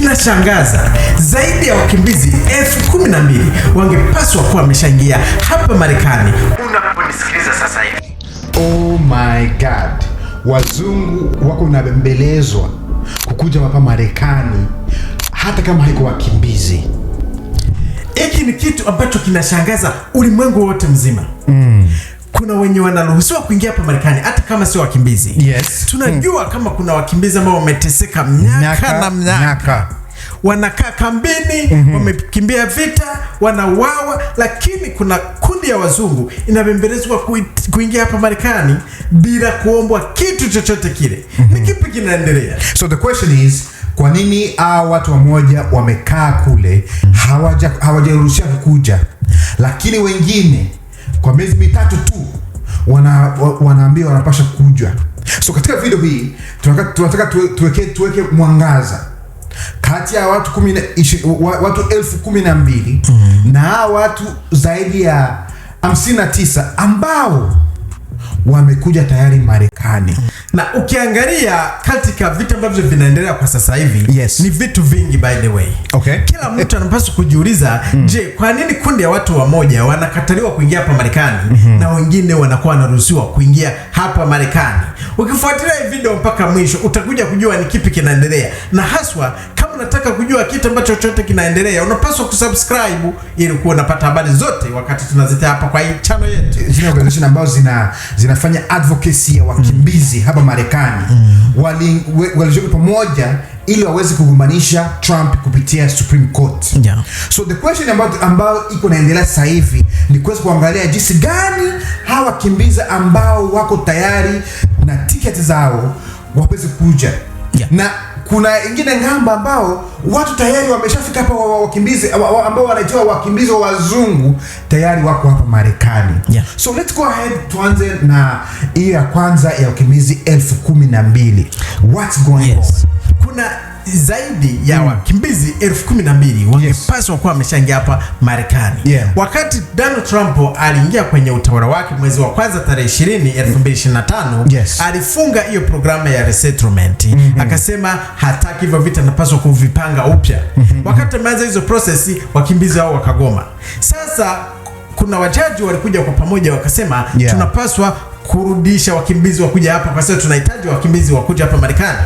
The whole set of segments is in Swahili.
kinashangaza, zaidi ya wakimbizi elfu kumi na mbili wangepaswa kuwa wameshaingia hapa Marekani unaponisikiliza sasa hivi. Oh my God, wazungu wako nabembelezwa kukuja hapa Marekani hata kama haiko wakimbizi. Hiki ni kitu ambacho kinashangaza ulimwengu wote mzima mm kuna wenye wanaruhusiwa kuingia hapa Marekani hata kama sio wakimbizi. Yes. Tunajua hmm, kama kuna wakimbizi ambao wameteseka miaka na miaka wanakaa kambini mm -hmm. Wamekimbia vita, wanawawa, lakini kuna kundi ya wazungu inabembelezwa kuingia hapa Marekani bila kuombwa kitu chochote kile. mm -hmm. Ni kipi kinaendelea? So the question is kwa nini hao watu wamoja wamekaa kule hawajaruhusiwa hawaja kukuja, lakini wengine kwa miezi mitatu tu wana, wanaambia wanapasha kujwa So katika video hii tunataka, tunataka tuweke, tuweke mwangaza kati ya watu kumi na, ishi, watu elfu kumi na mbili mm -hmm. na watu zaidi ya hamsini na tisa ambao wamekuja tayari Marekani mm. na ukiangalia katika vitu ambavyo vinaendelea kwa sasa hivi yes. ni vitu vingi by the way okay. Kila mtu anapaswa kujiuliza mm. je, kwa nini kundi ya watu wamoja wanakataliwa kuingia hapa Marekani mm -hmm. na wengine wanakuwa wanaruhusiwa kuingia hapa Marekani? Ukifuatilia hii video mpaka mwisho utakuja kujua ni kipi kinaendelea, na haswa kama unataka kujua kitu ambacho chochote kinaendelea unapaswa kusubscribe ili kuwa unapata habari zote wakati tunazitia hapa kwa hii channel yetu ambazo zina, zina wanafanya advocacy ya wakimbizi mm. hapa Marekani mm. walijoka pamoja ili waweze kugumanisha Trump kupitia Supreme Court yeah. So the question ambayo ambayo iko naendelea sasa hivi ni kuweza kuangalia jinsi gani hawa wakimbizi ambao wako tayari na tiketi zao waweze kuja yeah. na kuna ingine ngamba ambao watu tayari wameshafika hapa, wakimbizi ambao wanaitwa wakimbizi wa wazungu tayari wako hapa Marekani. Yeah. So let's go ahead tuanze na hiyo ya kwanza ya wakimbizi elfu kumi na mbili. What's going yes. on? Kuna zaidi ya mm. wakimbizi elfu kumi na mbili wangepaswa kuwa wameshaingia hapa Marekani yeah. Wakati Donald Trump aliingia kwenye utawala wake mwezi wa kwanza tarehe na tano yes. alifunga hiyo programu ya resettlement mm -hmm. akasema hataki hivyo vita, anapaswa kuvipanga upya mm -hmm. Wakati ameanza hizo prosesi wakimbizi hao wakagoma. Sasa kuna wajaji walikuja kwa pamoja wakasema yeah. tunapaswa kurudisha wakimbizi wakuja hapa kwa sababu tunahitaji wakimbizi wakuja hapa Marekani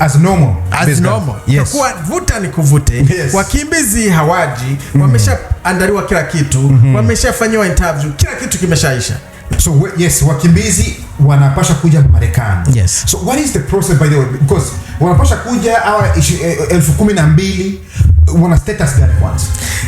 as normal as normal, yes. Kwa vuta ni kuvute, yes. Wakimbizi hawaji mm Wameshaandaliwa kila kitu mm -hmm. Wameshafanyiwa interview kila kitu kimeshaisha, so yes, wakimbizi wanapasha kuja Marekani. Yes. So what is the process by the way because wanapasha kuja hawa eh, eh, elfu kumi na mbili wana status gani kwanza?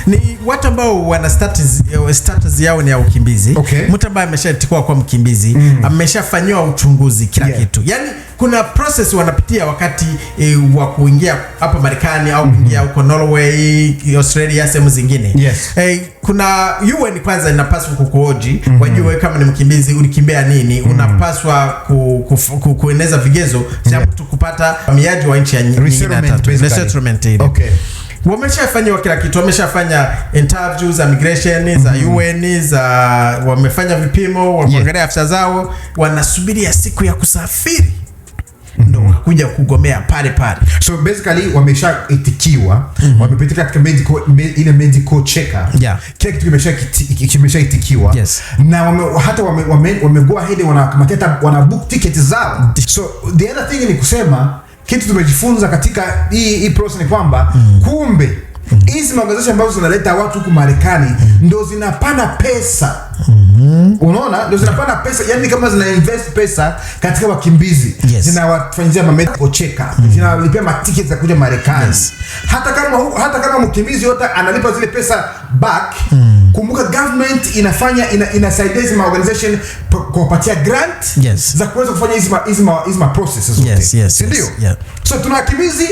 Ni watu ambao wana status, eh, status yao ni ya ukimbizi. Okay. Mtu ambaye ameshatikwa kwa mkimbizi mm. ameshafanywa uchunguzi kila yeah. kitu yani, kuna process wanapitia wakati e, wa kuingia hapa Marekani au mm-hmm. kuingia mm -hmm. huko Norway, Australia, sehemu zingine. Yes. E, kuna UN kwanza inapaswa kukuoji mm -hmm. wajue kama ni mkimbizi ulikimbia nini mm -hmm. una hatupaswa ku, ku, ku, kueneza vigezo cha mtu kupata uhamiaji wa nchi ya nyingine. Okay. Wameshafanya kila kitu, wameshafanya interviews za migration mm -hmm. za mm-hmm. UN za wamefanya vipimo, wameangalia afisa zao, wanasubiria siku ya kusafiri Mhm. ndo wakakuja kugomea pale pale. So basically wameshaitikiwa, mhm. wamepita katika medical ile medical checker, kila kitu kimeshaitikiwa na wame, hata wame, wame, wame go ahead wanakamata wana book ticket zao. So the other thing ni kusema kitu tumejifunza katika hii hii process ni kwamba mhm. kumbe hizi mm. magazeti ambazo zinaleta watu huku Marekani mm. ndo zinapana pesa mm Unaona, ndo zinapana pesa, yani kama zina invest pesa katika wakimbizi yes. zinawafanyia mamekocheka mm. zinawalipia matiketi za kuja Marekani yes. hata kama hata kama mkimbizi yote analipa zile pesa back mm. Kumbuka government inafanya ina, inasaidia hizi maorganization kuwapatia grant yes. za kuweza kufanya hizi hizi hizi processes zote yes, yes, yes, ndio yeah. so tuna wakimbizi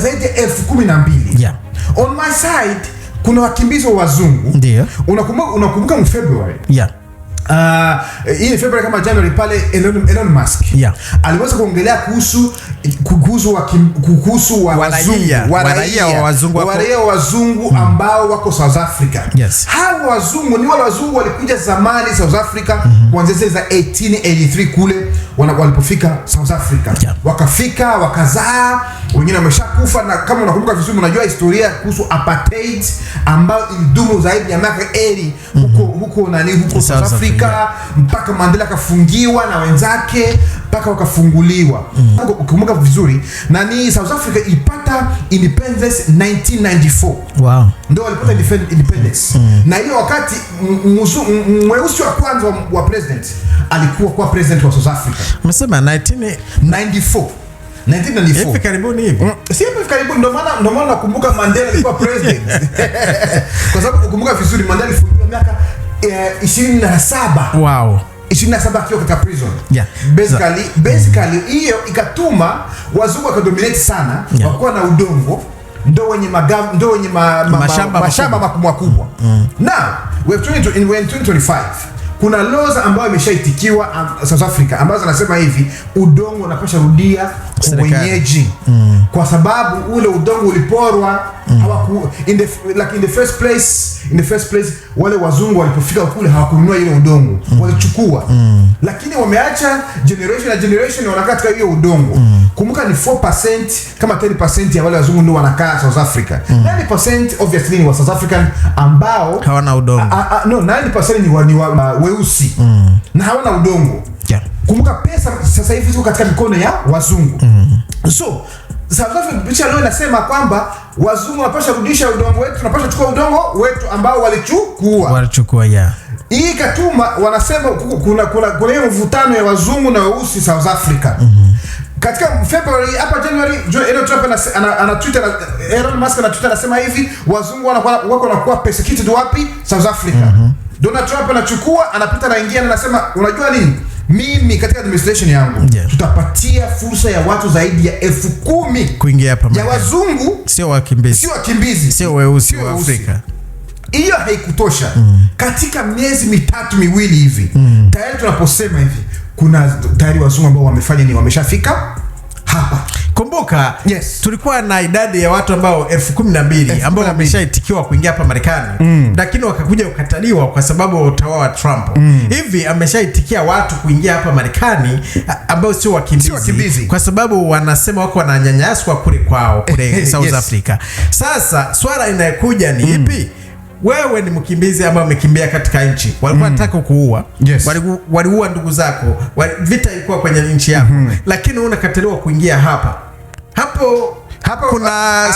zaidi ya elfu kumi na mbili yeah. On my side kuna wakimbizi wa wazungu. Ndio. Unakumbuka unakumbuka February? Yeah. Ah, hii Februari kama January pale Elon, Elon Musk yeah, aliweza kuongelea kuhusu kuhusu wa kuhusu wa wazungu wa wazungu hmm. ambao wako South Africa yes. Hawa wazungu ni wale wazungu walikuja zamani South Africa hmm. kuanzia mm -hmm. za 1883 kule walipofika South Africa yeah, wakafika wakazaa, wengine wameshakufa, na kama unakumbuka vizuri, unajua historia kuhusu apartheid ambayo ilidumu zaidi ya miaka 80 huko huko nani, huko South Africa mpaka Mandela akafungiwa na wenzake mpaka wakafunguliwa. Ukikumbuka mm. vizuri nani, South Africa ilipata independence 1994. Wow, ndio walipata mm. independence mm. na hiyo wakati mweusi wa kwanza wa president alikuwa kwa president wa South Africa, umesema 1994 1994 karibuni hivi, mm, si hivi karibuni. Ndio maana ndio maana nakumbuka Mandela alikuwa president, kwa sababu ukumbuka vizuri Mandela alifunguliwa miaka Eh, ishirini na saba wow. akiwa katika prison. Yeah. Basically, basically hiyo ikatuma wazungu wakadominate sana yeah. Wakuwa na udongo ndo wenye ndo wenye ma, ma, mashamba makubwa makubwa. Mm. Now, we have 20, in 2025 kuna laws ambayo imeshaitikiwa South Africa ambazo anasema hivi, udongo unapasha rudia wenyeji mm. kwa sababu ule udongo uliporwa mm. hawaku, in the, like in the first place in the first place wale wazungu walipofika kule hawakununua ile udongo mm. walichukua mm. lakini wameacha generation na generation wanakaa katika hiyo udongo mm. Kumbuka ni 4% kama 10% ya wale wazungu ndio wanakaa South Africa. Mm. 90% obviously ni wa South African ambao hawana udongo. A, a, no, 90% ni wa, ni wa uh, weusi. Mm. Na hawana udongo. Yeah. Kumbuka pesa sasa hivi ziko katika mikono ya wazungu. Mm. So South Africa picha leo inasema kwamba wazungu wanapaswa rudisha udongo wetu, tunapaswa kuchukua udongo wetu ambao walichukua. Walichukua, yeah. Hii katuma wanasema kuna kuna kuna mvutano ya wazungu na weusi South Africa. Mm katika February hapa January jo Elon Trump ana, ana Twitter na Elon Musk ana Twitter anasema hivi wazungu wanakuwa wako na kuwa persecuted wapi? South Africa. Mm -hmm. Donald Trump anachukua anapita anaingia na anasema unajua nini? Mimi katika administration yangu yeah, tutapatia fursa ya watu zaidi ya elfu kumi kuingia hapa ya wazungu, sio wakimbizi, sio wakimbizi, sio weusi wa Afrika. Hiyo haikutosha. Mm. Katika miezi mitatu miwili hivi mm, tayari tunaposema hivi kuna tayari wazungu ambao wamefanya ni wameshafika hapa. Kumbuka yes. Tulikuwa na idadi ya watu ambao elfu kumi na mbili ambao wameshaitikiwa kuingia hapa Marekani mm. Lakini wakakuja ukataliwa kwa sababu ya utawala wa Trump mm. Hivi ameshaitikia watu kuingia hapa Marekani ambao sio wakimbizi, kwa sababu wanasema wako wananyanyaswa kule kwao kule South yes. Africa. Sasa swala inayokuja ni mm. ipi? mm wewe ni mkimbizi ambaye umekimbia katika nchi walikuwa mm. wanataka mm. kuua yes. waliua ndugu zako wali, vita ilikuwa kwenye nchi yako mm -hmm. lakini unakataliwa kuingia hapa hapo hapo kuna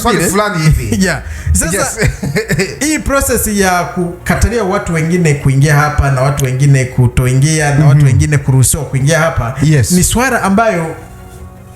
swali fulani hivi. Yeah. Sasa hii process ya kukatalia watu wengine kuingia hapa na watu wengine kutoingia na mm -hmm. watu mm-hmm. wengine kuruhusiwa kuingia hapa yes. ni swala ambayo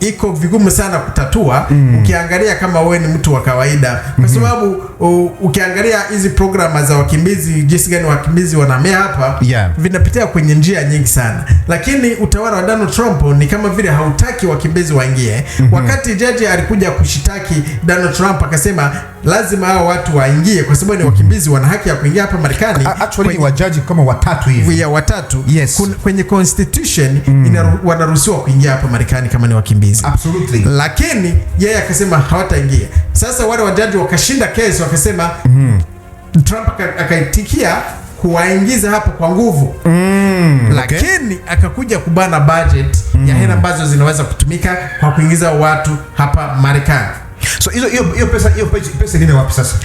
iko vigumu sana kutatua mm. ukiangalia kama wewe ni mtu wa kawaida kwa mm-hmm. sababu mm -hmm ukiangalia hizi programa za wakimbizi, jinsi gani wakimbizi wanamea hapa yeah. Vinapitia kwenye njia nyingi sana, lakini utawala wa Donald Trump ni kama vile hautaki wakimbizi waingie. mm -hmm. Wakati jaji alikuja kushitaki Donald Trump akasema lazima hao watu waingie kwa sababu ni mhm. wakimbizi, wana haki ya kuingia hapa Marekani. Actually kwenye, wajaji kama watatu hivi ya watatu yes. kun, kwenye constitution mm. wanaruhusiwa kuingia hapa Marekani kama ni wakimbizi. Absolutely. Lakini yeye akasema hawataingia sasa wale wajaji wakashinda kesi wakasema, mm. Trump akaitikia kuwaingiza hapo kwa nguvu mm, lakini okay. Akakuja kubana budget mm. ya hela ambazo zinaweza kutumika kwa kuingiza watu hapa Marekani. So hiyo hiyo pesa hiyo pesa ni wapi sasa?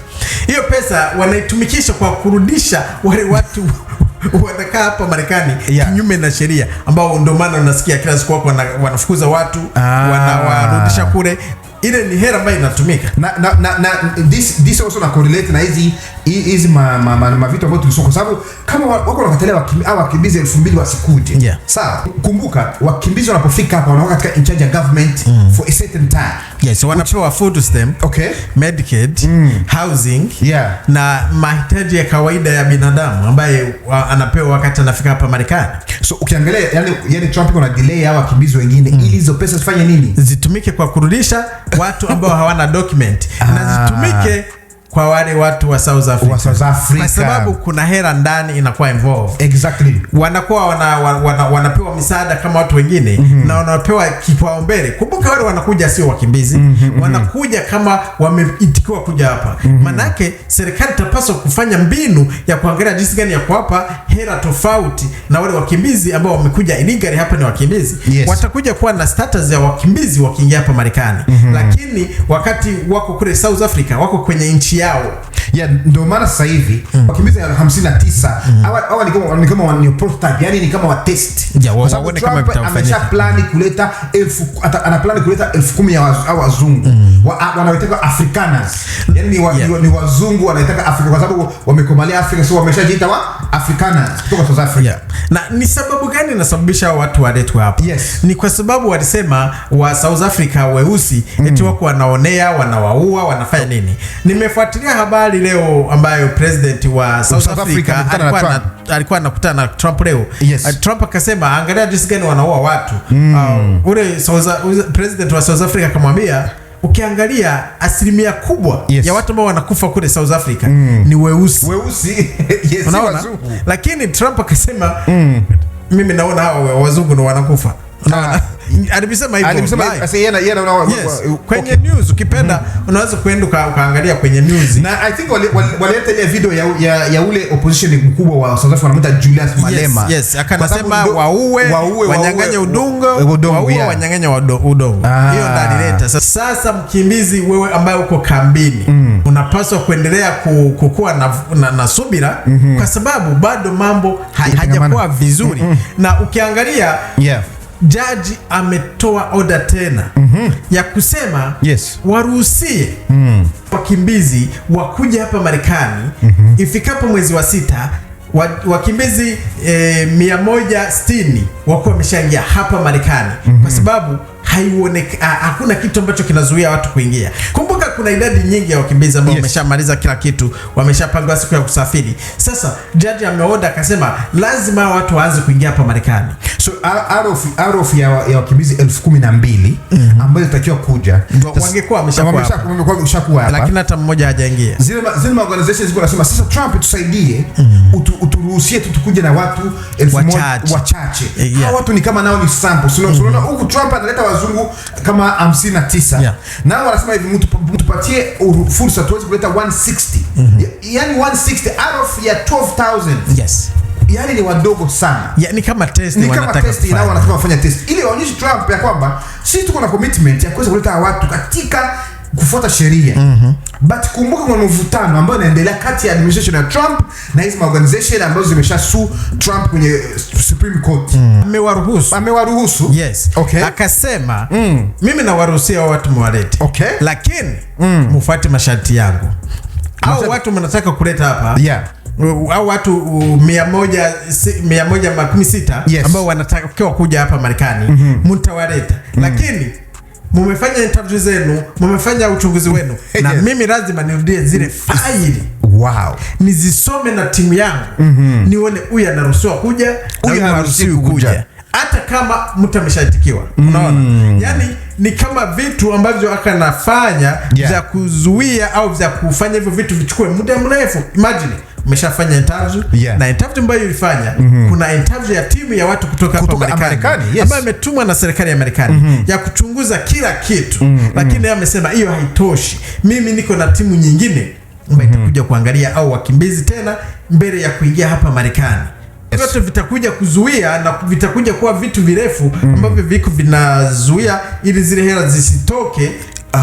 Hiyo pesa wanaitumikisha kwa kurudisha wale watu wanakaa hapa Marekani yeah. kinyume na sheria, ambao ndio maana unasikia kila siku wako wanafukuza watu ah. wanawarudisha kule ile ni hera ambayo inatumika na na na, na this this also na correlate na hizi hizi ma, ma, ma, ma vitu ambavyo tulisoma, kwa sababu kama wako wanakatelea wakimbi, au wakimbizi 2000 wasikuje, yeah. Sawa, kumbuka wakimbizi wanapofika hapa wanakuwa katika in charge ya government mm. for a certain time, yes, so wanapewa food stamp, okay, medicaid mm. housing, yeah, na mahitaji ya kawaida ya binadamu ambaye wa, anapewa wakati anafika hapa Marekani. So ukiangalia yani, yani Trump kuna delay au wakimbizi wengine mm. ili hizo pesa zifanye nini? Zitumike kwa kurudisha watu ambao hawana document na zitumike ah kwa wale watu wa South Africa, wa South Africa, kwa sababu kuna hela ndani inakuwa involved. Exactly, wanakuwa wana, wana, wanapewa misaada kama watu wengine mm -hmm. na wanapewa kipaumbele. Kumbuka wale wanakuja sio wakimbizi mm -hmm. wanakuja kama wameitikiwa kuja hapa mm -hmm. Manake serikali tapaswa kufanya mbinu ya kuangalia jinsi gani ya kuwapa hela tofauti na wale wakimbizi ambao wamekuja illegally hapa. Ni wakimbizi yes. watakuja kuwa na status ya wakimbizi wakiingia hapa Marekani mm -hmm. lakini wakati wako kule South Africa wako kwenye nchi yao ya ndio maana sasa hivi mm. wakimbizi elfu hamsini na tisa mm. hawa ni kama ni kama wa new prototype, yani ni kama wa test ya wao waone kama vitafanyika. Amesha plani mm. kuleta elfu ana plani kuleta elfu kumi ya wazungu mm. wa, wanaitaka Afrikaners, yani ni, wa, yeah. ni wazungu wanaitaka Afrika kwa sababu wamekomalia Afrika, so wameshajiita wa Afrikaners kutoka South Africa yeah. na ni sababu gani inasababisha watu waletwe hapa? yes. ni kwa sababu walisema wa South Africa weusi mm. eti wako wanaonea, wanawaua, wanafanya nini nimefuata Nimefuatilia habari leo ambayo president wa South, South Africa, Africa alikuwa anakutana na Trump leo. Yes. Trump akasema angalia jinsi gani wanaua watu. Mm. Uh, ule president wa South Africa akamwambia ukiangalia asilimia kubwa yes, ya watu ambao wanakufa kule South Africa mm, ni weusi weusi. Yes, unaona, lakini Trump akasema mm, mimi naona hawa wazungu ndio wanakufa, ah. unaona Alisema hivyo. Alisema sasa yeye na yeye anaona kwenye news ukipenda mm -hmm. unaweza kwenda ukaangalia kwenye news. Na I think walileta wale, wale ile video ya, ya, ya ule opposition mkubwa wa South Africa wanamuita Julius Malema. Yes, yes. akanasema waue, waue wanyang'anye udongo, waue yeah. wanyang'anye udongo. Ah. Hiyo ndio alileta. Sasa mkimbizi wewe ambaye uko kambini mm. unapaswa kuendelea kukua na, na, na subira mm -hmm. kwa sababu bado mambo hajakuwa vizuri mm -hmm. na ukiangalia yeah jaji ametoa oda tena mm -hmm. ya kusema yes. waruhusie mm. wakimbizi wakuja hapa Marekani mm -hmm. ifikapo mwezi wa sita wakimbizi e, eh, 160 wakuwa wameshaingia hapa Marekani mm -hmm. kwa mhm. sababu hakuna kitu ambacho kinazuia watu kuingia. Kumbuka kuna idadi nyingi ya wakimbizi ambao yes, wameshamaliza kila kitu, wameshapangiwa siku ya kusafiri. Sasa jaji ameoda akasema lazima watu waanze kuingia hapa Marekani. So arof ya wakimbizi elfu kumi na mbili mm -hmm, ambayo ilitakiwa kuja wangekuwa wameshakuwa hapa, lakini hata mmoja hajaingia. Zile zile organizations ziko nasema sasa Trump tusaidie mm -hmm uturuhusie tu tukuje na watu elfu moja wachache. Eh, yeah. Hao watu ni kama nao ni sample. Sio mm. Unaona mm-hmm. huku Trump analeta wazungu kama 59. Yeah. Nao wanasema hivi mtu mtupatie fursa tuweze kuleta 160. Mm -hmm. Yaani 160 out of ya 12000. Yes. Yaani ni wadogo sana. Ya, ni kama test ni kama wanataka test nao wanataka wafanya test. Ili waonyeshe Trump ya kwamba sisi tuko na commitment ya kuweza kuleta watu katika kufuata sheria mm -hmm. But kumbuka kwa mvutano ambayo inaendelea kati ya administration ya Trump na hizi organization ambazo zimesha sue Trump kwenye Supreme Court mm. Amewaruhusu, amewaruhusu yes. Okay. Akasema mm. mimi nawaruhusia watu mwalete okay. Lakini mm. mufuate masharti yangu Masa... au watu mnataka kuleta hapa yeah au watu uh, mia moja, mia moja makumi sita yes. ambao wanatakiwa kuja hapa Marekani mm-hmm. mtawaleta mm -hmm. mm -hmm lakini mumefanya interview zenu, mumefanya uchunguzi wenu na Mimi lazima nirudie zile faili wow. Nizisome na timu yangu mm -hmm. Nione huyu anaruhusiwa kuja, huyu haruhusiwi kuja hata kama mtu ameshaitikiwa mm. Unaona, yani ni kama vitu ambavyo akanafanya yeah. vya kuzuia au vya kufanya hivyo vitu vichukue muda mrefu, imagine umeshafanya interview yeah. na interview ambayo ulifanya mm -hmm. kuna interview ya timu ya watu kutoka hapa Marekani yes. ambayo imetumwa na serikali ya Marekani mm -hmm. ya kuchunguza kila kitu mm -hmm. lakini yeye amesema hiyo haitoshi, mimi niko na timu nyingine ambayo mhm. itakuja kuangalia au wakimbizi tena mbele ya kuingia hapa Marekani vyote vitakuja kuzuia na vitakuja kuwa vitu virefu mhm. ambavyo mm. viko vinazuia ili zile hela zisitoke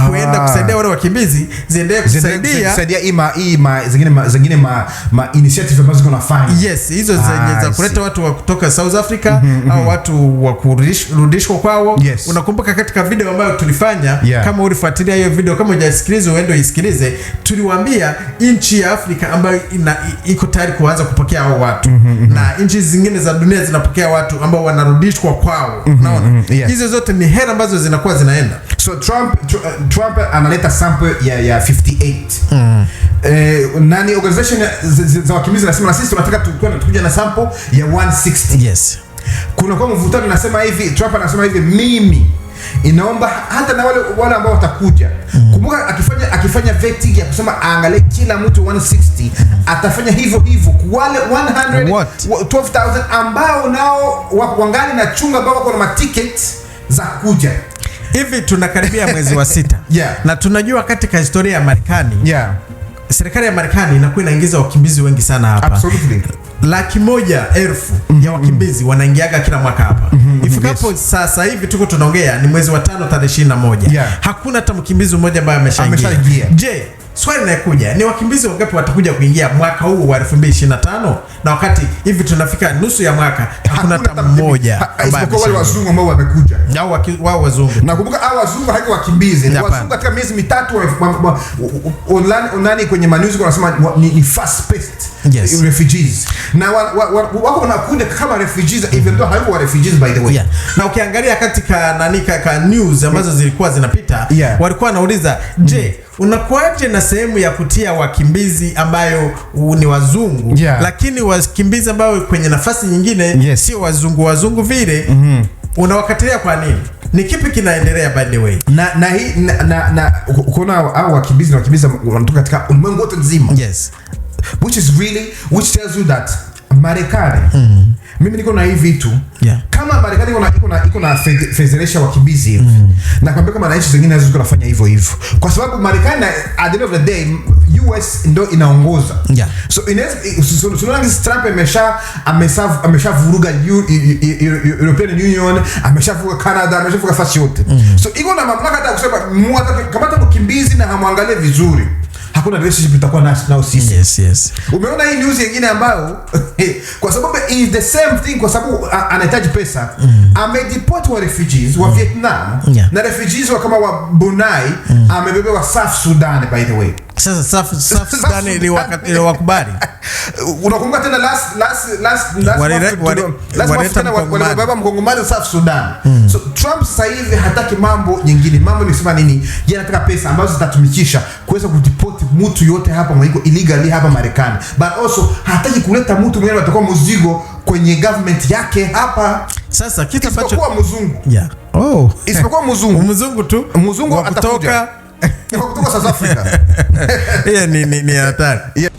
kuenda kusaidia wale wakimbizi ziendelee kusaidia kusaidia ima ima zingine ma, zingine ma, ma initiative ambazo ziko nafanya. Yes, hizo ah, zenye za kuleta watu wa kutoka South Africa mm -hmm, au watu wa kurudishwa kwao. Yes. Unakumbuka katika video ambayo tulifanya yeah, kama ulifuatilia hiyo video, kama hujasikiliza uende uisikilize, tuliwaambia nchi ya Afrika ambayo ina iko tayari kuanza kupokea hao watu mm -hmm, na nchi zingine za dunia zinapokea watu ambao wanarudishwa kwao. mm -hmm, Unaona? Mm -hmm, yes. Hizo zote ni hera ambazo zinakuwa zinaenda So Trump, uh, Trump analeta sample hmm. eh, ya ya 58. Mm. Eh, nani organization za wakimbizi nasema na sisi tunataka tukuja na sample ya 160. Yes. Kuna kwa mvutano nasema hivi, Trump anasema hivi mimi inaomba hata na wale wale ambao watakuja. Mm. Kumbuka akifanya akifanya vetting ya kusema aangalie kila mtu 160, hmm. atafanya hivyo hivyo wale 112,000 ambao nao wangali na chunga ambao wako na tickets za kuja hivi tunakaribia mwezi wa sita yeah. na tunajua katika historia ya Marekani yeah. serikali ya Marekani inakuwa inaingiza wakimbizi wengi sana hapa Absolutely. Laki moja elfu mm -hmm. ya wakimbizi wanaingiaga kila mwaka hapa mm -hmm. ifikapo yes. Sasa hivi tuko tunaongea ni mwezi wa tano tarehe 21 yeah. hakuna hata mkimbizi mmoja ambaye ameshaingia. Je, Swali linakuja ni wakimbizi wangapi watakuja kuingia mwaka huu wa 2025 na wakati hivi tunafika nusu ya mwaka hakuna hata mmoja isipokuwa wale wazungu ambao wamekuja, wao wazungu. Nakumbuka hao wazungu haki wakimbizi ni wazungu katika miezi mitatu online online kwenye manuzi wanasema ni ni fast paced yes, refugees na wako wa, wa, wanakuja kama refugees mm -hmm. even though hawako wa refugees by the way yeah. Na ukiangalia katika nani ka news ambazo zilikuwa zinapita yeah, walikuwa wanauliza je, mm. -hmm unakuwaje na sehemu ya kutia wakimbizi ambayo ni wazungu yeah. Lakini wakimbizi ambao kwenye nafasi nyingine yes. sio wazungu wazungu vile mm -hmm. Unawakatilia kwa nini? Ni kipi kinaendelea by the way? Na na hii na na, na kuna au wakimbizi na wakimbizi wanatoka katika ulimwengu wote nzima. Yes. Which is really which tells you that Marekani mm mimi niko na hii vitu yeah. Kama Marekani iko na iko na iko na federation wa kibizi hivi mm. na kwambia kama nchi zingine nazo ziko nafanya hivyo hivyo, kwa sababu Marekani at the end of the day US ndo inaongoza yeah. So in so, Trump amesha amesha ameshavuruga European Union, ameshavuruga Canada, ameshavuruga fasi yote mm. So iko na mamlaka hata kusema kama hata mkimbizi na hamwangalie vizuri hakuna relationship tutakuwa nayo sisi. Yes, yes. Umeona hii news nyingine ambayo kwa sababu is the same thing, kwa sababu anahitaji pesa mm. amedeport wa refugees wa mm. Vietnam yeah. na refugees wa kama wa Brunei mm. amebebewa South Sudan by the way sasa safu safu gani ni wakati ni wakubali? Unakumbuka tena last last last last walibeba mkongomani safu Sudan. Hmm. So Trump sasa hivi hataki mambo nyingine. Mambo ni sema nini? Je, anataka pesa ambazo zitatumikisha kuweza kudeport mtu yote hapa mwaiko illegally hapa Marekani. But also hataki kuleta mtu mwingine atakuwa mzigo kwenye government yake hapa. Sasa kitu ambacho mzungu. Yeah. Oh. Isipokuwa mzungu. Mzungu tu. Mzungu atakuja kutoka South Africa. Hiyo ni ni hatari.